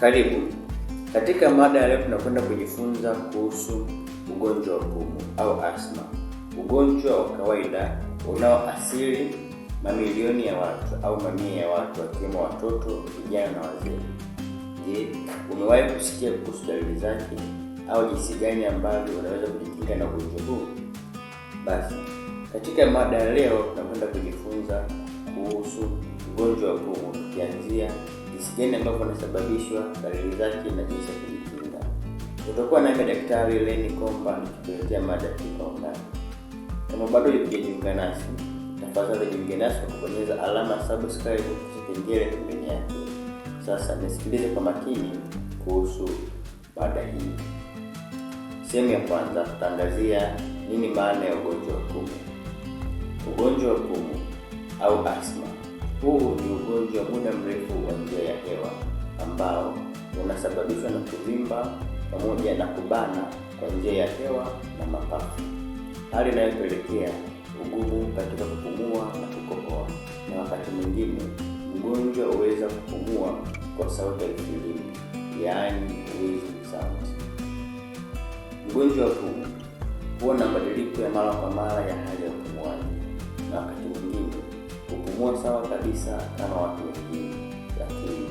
Karibu. Katika mada ya leo tunakwenda kujifunza kuhusu ugonjwa wa pumu au asthma, ugonjwa wa kawaida unaoathiri mamilioni ya watu au mamia ya watu wakiwemo watoto, vijana na wazee. Je, umewahi kusikia kuhusu dalili zake au jinsi gani ambavyo unaweza kujikinga na ugonjwa huu? Basi katika mada ya leo tunakwenda kujifunza kuhusu ugonjwa wa pumu tukianzia jinsi gani ambavyo unasababishwa, dalili zake na jinsi ya kujikinga. Utakuwa nami Daktari Leni Komba nikikuletea mada hii kwa undani. Kama bado hujajiunga nasi, tafadhali jiunge nasi kwa kubonyeza alama subscribe kisha kengele pembeni yake. Sasa nisikilize kwa makini kuhusu mada hii. Sehemu ya kwanza, tutaangazia nini maana ya ugonjwa wa pumu. Ugonjwa wa pumu au asthma huu ni ugonjwa wa muda mrefu wa njia ya hewa ambao unasababishwa na kuvimba pamoja na kubana kwa njia ya hewa na mapafu, hali inayopelekea ugumu katika kupumua na kukohoa, na wakati mwingine mgonjwa huweza kupumua kwa sauti ya kilimi, yaani wheezing sound. Mgonjwa huu huwa na mabadiliko ya mara kwa mara ya hali ya kupumua sawa kabisa kama watu wengine, lakini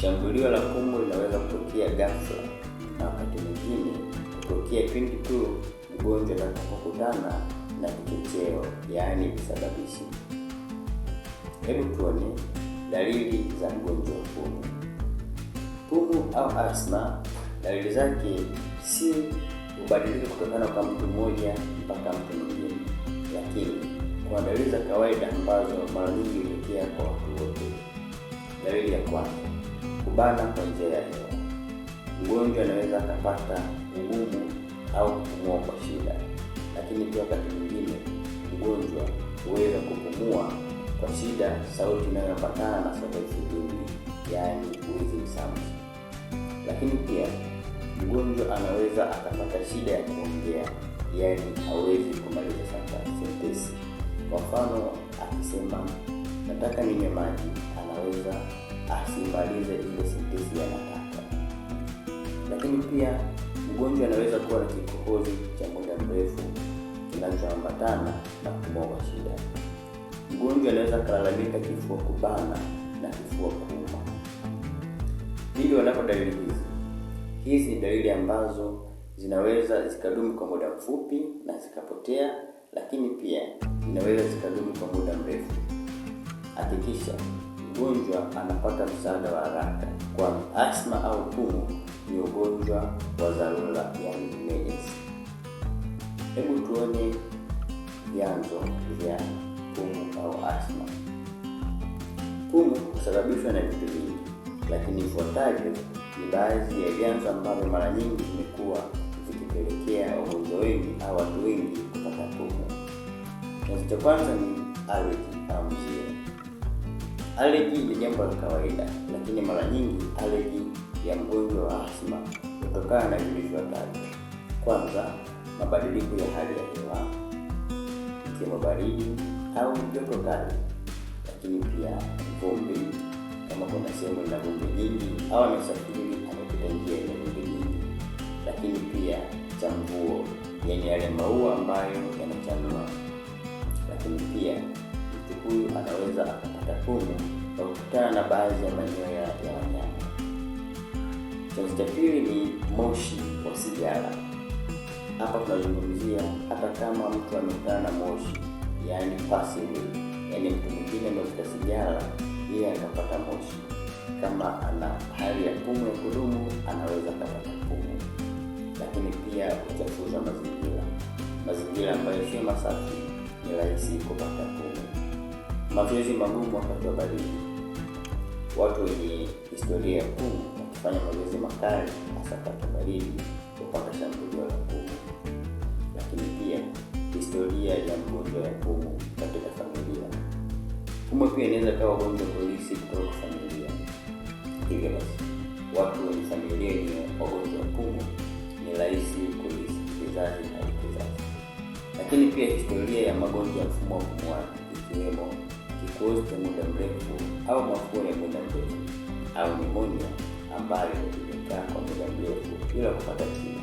shambulio la pumu linaweza kutokea gafla na wakati mwingine kutokea pindi tu mgonjwa atakapokutana na kichocheo, yaani visababishi. Hebu tuone dalili za mgonjwa wa pumu. Pumu au asma, dalili zake si kubadilika kutokana kwa mtu mmoja mpaka mtu mwingine, lakini kuna dalili za kawaida ambazo mara nyingi hutokea kwa watu wote. Dalili ya kwanza, kubana kwa njia ya hewa. Mgonjwa anaweza akapata ugumu au kupumua kwa shida, lakini pia wakati mwingine mgonjwa huweza kupumua kwa shida, sauti inayopatana na sauti duni, yaani wheezing sound. Lakini pia mgonjwa anaweza akapata shida ya kuongea, yaani hawezi kumaliza sentensi. Kwa mfano, akisema nataka ninywe maji, anaweza asimalize ile sentensi ya nataka. Lakini pia mgonjwa anaweza kuwa na kikohozi cha muda mrefu kinachoambatana na kupumua kwa shida. Mgonjwa anaweza kalalamika kifua kubana na kifua kuuma. hili wanapo dalili hizi, hizi ni dalili ambazo zinaweza zikadumu kwa muda mfupi na zikapotea lakini pia zinaweza zikadumu kwa muda mrefu. Hakikisha mgonjwa anapata msaada wa haraka, kwani asma au pumu ni ugonjwa wa dharura ya emergency. Hebu tuone vyanzo vya pumu au asma. Pumu husababishwa na vitu vingi, lakini ifuatavyo ni baadhi ya vyanzo ambavyo mara nyingi vimekuwa vikipelekea wagonjwa wengi au watu wengi mfumo. Chanzo cha kwanza ni allergy au mzio. Allergy ni jambo la kawaida, lakini mara nyingi allergy ya mgonjwa wa asma kutokana na vitu Kwanza, mabadiliko ya hali ya hewa ikiwemo baridi au joto kali, lakini pia vumbi, kama kuna sehemu ina vumbi nyingi au amesafiri amepita njia yenye vumbi nyingi, lakini pia cha yani yale maua ambayo yanachanua, lakini pia mtu huyu anaweza akapata pumu kwa kukutana na baadhi ya manyoya ya wanyama. Chanzo cha pili ni moshi wa sigara. Hapa tunazungumzia hata kama mtu amekutana na moshi, yaani passive, yaani mtu mwingine amevuta sigara, yeye akapata moshi. Kama ana hali ya pumu ya kudumu, anaweza akapata pumu, lakini pia uchafuzi wa mazingira mazingira ambayo sio masafi, ni rahisi kupata kuvu. Mazoezi magumu wakati wa baridi. Watu wenye historia ya kuu wakifanya mazoezi makali, hasa wakati wa baridi, hupata shambulio la kuvu. Lakini pia historia ya mgonjwa ya kuvu katika familia. Kumu pia inaweza kawa ugonjwa polisi kutoka kwa familia. Hivyo basi watu wenye familia yenye wagonjwa wa kuvu ni rahisi kurithi vizazi lakini pia historia ya magonjwa ya mfumo wa upumuaji ikiwemo kikozi cha muda mrefu au mafua ya muda mrefu au nimonia ambayo imekaa kwa muda mrefu bila kupata tiba.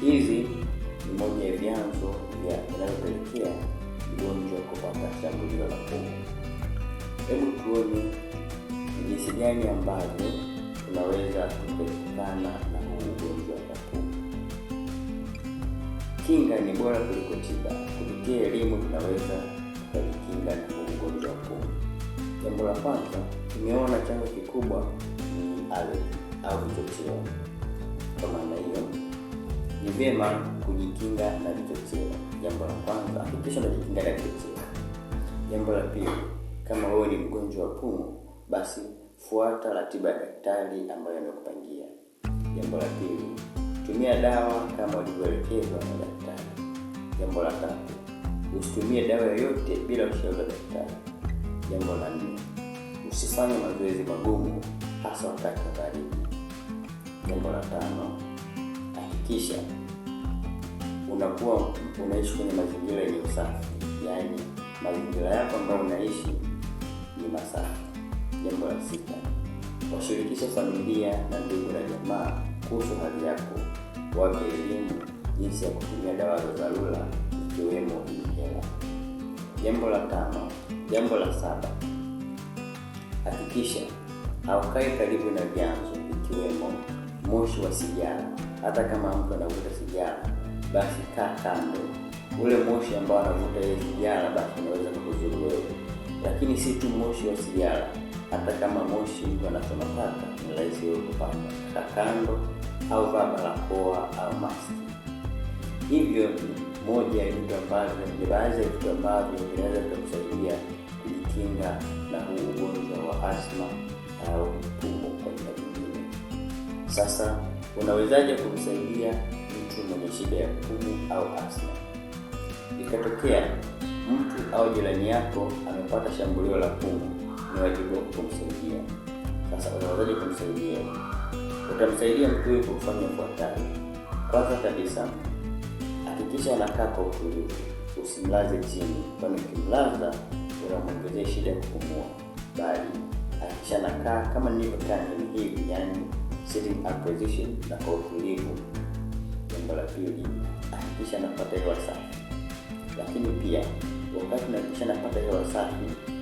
Hizi ni moja ya vyanzo vya vinavyopelekea mgonjwa kupata shambulio la pumu. Hebu tuone jinsi gani ambavyo tunaweza kuepukana na huu ugonjwa. Kinga ni bora kuliko tiba. Kupitia elimu tunaweza tukajikinga na ugonjwa huu. Jambo la kwanza, tumeona chanzo kikubwa ni aleji au vichocheo. Kwa maana hiyo, ni vyema kujikinga na vichocheo. Jambo la kwanza, hakikisha unajikinga na vichocheo. Jambo la pili, kama wewe ni mgonjwa wa pumu, basi fuata ratiba ya daktari ambayo amekupangia. Jambo la pili Tumia dawa kama ulivyoelekezwa na daktari. Jambo la tatu, usitumie dawa yoyote bila ushauri wa daktari. Jambo la nne, usifanye mazoezi magumu, hasa wakati wa baridi. Jambo la tano, hakikisha unakuwa unaishi kwenye mazingira yenye usafi, yaani mazingira yako ambayo unaishi ni masafi. Jambo la sita, washirikisha familia na ndugu na jamaa kuhusu hali yako wape elimu jinsi ya kutumia dawa za dharura ikiwemo inhaler. Jambo la tano, jambo la saba, hakikisha haukai karibu na vyanzo ikiwemo moshi wa sigara. Hata kama mtu anavuta sigara, basi kaa kando. Ule moshi ambao anavuta ile sigara, basi unaweza kukuzuru wewe, lakini si tu moshi wa sigara hata kama moshi mtu anasema paka, ni rahisi wewe kupata ka kando au vaa barakoa au maski. Hivyo ni moja ya vitu ambavyo, ni baadhi ya vitu ambavyo vinaweza vikakusaidia kujikinga na huu ugonjwa wa asma au mpumo kwa jina lingine. Sasa unawezaje kumsaidia mtu mwenye shida ya pumu au asma? Ikatokea mtu au jirani yako amepata shambulio la pumu wajibu wako kumsaidia. Sasa unawezaje kumsaidia? Utamsaidia mtu kwa kufanya yafuatayo. Kwanza kabisa, hakikisha anakaa kwa utulivu, usimlaze chini, kwani ukimlaza unamwongezea shida ya kupumua, bali hakikisha anakaa kama nilivyokaa mimi hivi, yani sitting up position na kwa utulivu. Jambo la pili, hakikisha anapata hewa safi, lakini pia wakati unahakikisha anapata hewa safi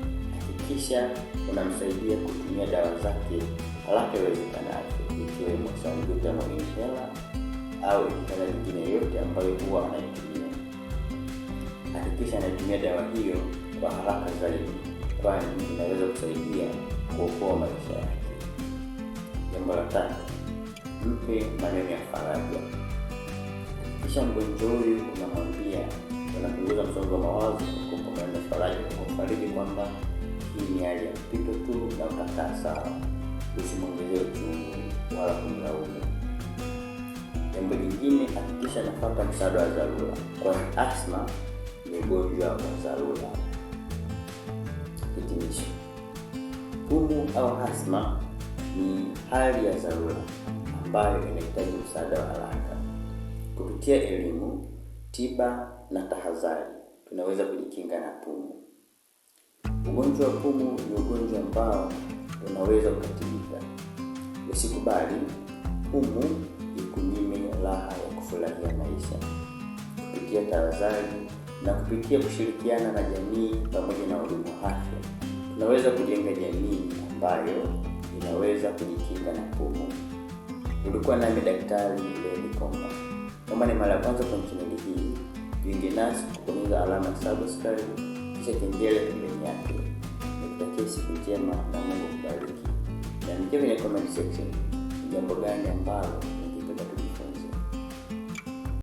kisha unamsaidia kutumia dawa zake haraka iwezekanavyo, ikiwemo salbutamol inhaler au inhaler nyingine yoyote ambayo huwa anaitumia. Hakikisha anaitumia dawa hiyo kwa haraka zaidi, kwani inaweza kusaidia kuokoa maisha yake. Jambo la tatu, mpe maneno ya faraja. kisha mgonjwa huyu unamwambia unapunguza msongo wa mawazo kwa kumpa maneno ya faraja, kwa kumfariji kwamba hii ni hali ya mpito tu na ukakaa sawa, usimwongezee uchungu wala kumlaumu. Jambo jingine, hakikisha napata msaada wa dharura, kwani asma ni ugonjwa wa dharura. Hitimisho: pumu au asma ni hali ya dharura ambayo inahitaji msaada wa haraka. Kupitia elimu, tiba na tahadhari, tunaweza kujikinga na pumu. Ugonjwa wa pumu ni ugonjwa ambao unaweza kutibika. Usikubali pumu ikunyime raha ya kufurahia maisha kupitia tahadhari na kupitia kushirikiana na jamii pamoja na wahudumu wa afya, tunaweza kujenga jamii ambayo inaweza kujikinga na pumu. Ulikuwa nami Daktari Leli Komba. Kama ni mara ya kwanza kwenye chaneli hii, jiunge nasi kubonyeza alama subscribe kisha kengele pembeni yake. Nikutakia siku njema na Mungu kubariki. Niandikie kwenye comment section jambo gani ambalo